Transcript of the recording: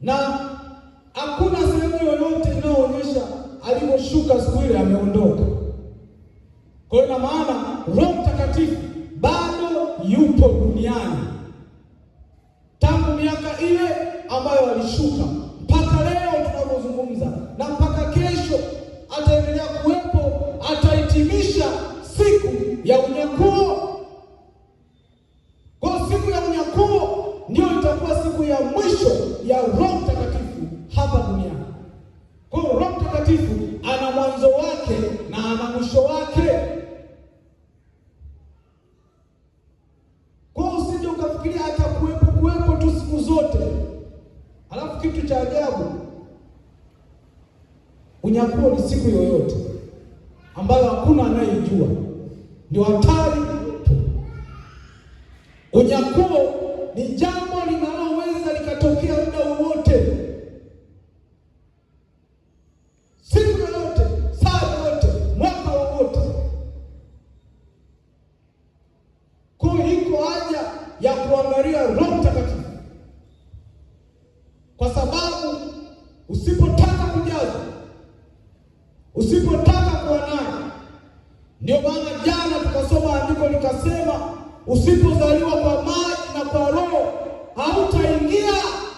na hakuna sehemu yoyote inayoonyesha aliposhuka siku ile ameondoka. Kwa hiyo na maana Roho Mtakatifu bado yupo duniani tangu miaka ile ambayo alishuka mpaka leo tunapozungumza, na mpaka kesho ataendelea kuwepo, ataitimisha siku ya unyakuo. siku ya mwisho ya Roho Mtakatifu hapa duniani. Kwa hiyo Roho Mtakatifu ana mwanzo wake na ana mwisho wake. Kwa hiyo usije ukafikiria atakuwepo kuwepo tu siku zote. Alafu kitu cha ajabu, unyakuo ni siku yoyote ambayo hakuna anayejua, ndio hatari. Unyakuo ni jambo Kwa iko haja ya kuangalia Roho Mtakatifu, kwa sababu usipotaka kujaza usipotaka kuwa naye, ndio maana jana tukasoma andiko likasema, usipozaliwa kwa maji na kwa Roho hautaingia